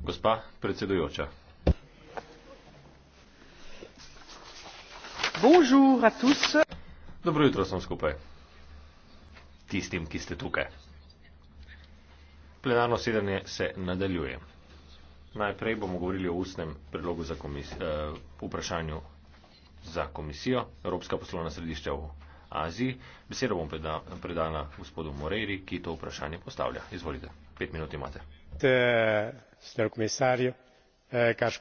Gospa predsedujoča. Dobro jutro sem skupaj. Tistim, ki ste tukaj. Plenarno sedanje se nadaljuje. Najprej bomo govorili o ustnem predlogu za komisijo, eh, vprašanju za komisijo Evropska poslovna središča v Aziji. Besedo bom predana gospodu Moreri, ki to vprašanje postavlja. Izvolite, pet minut imate signor commissario cari colleghi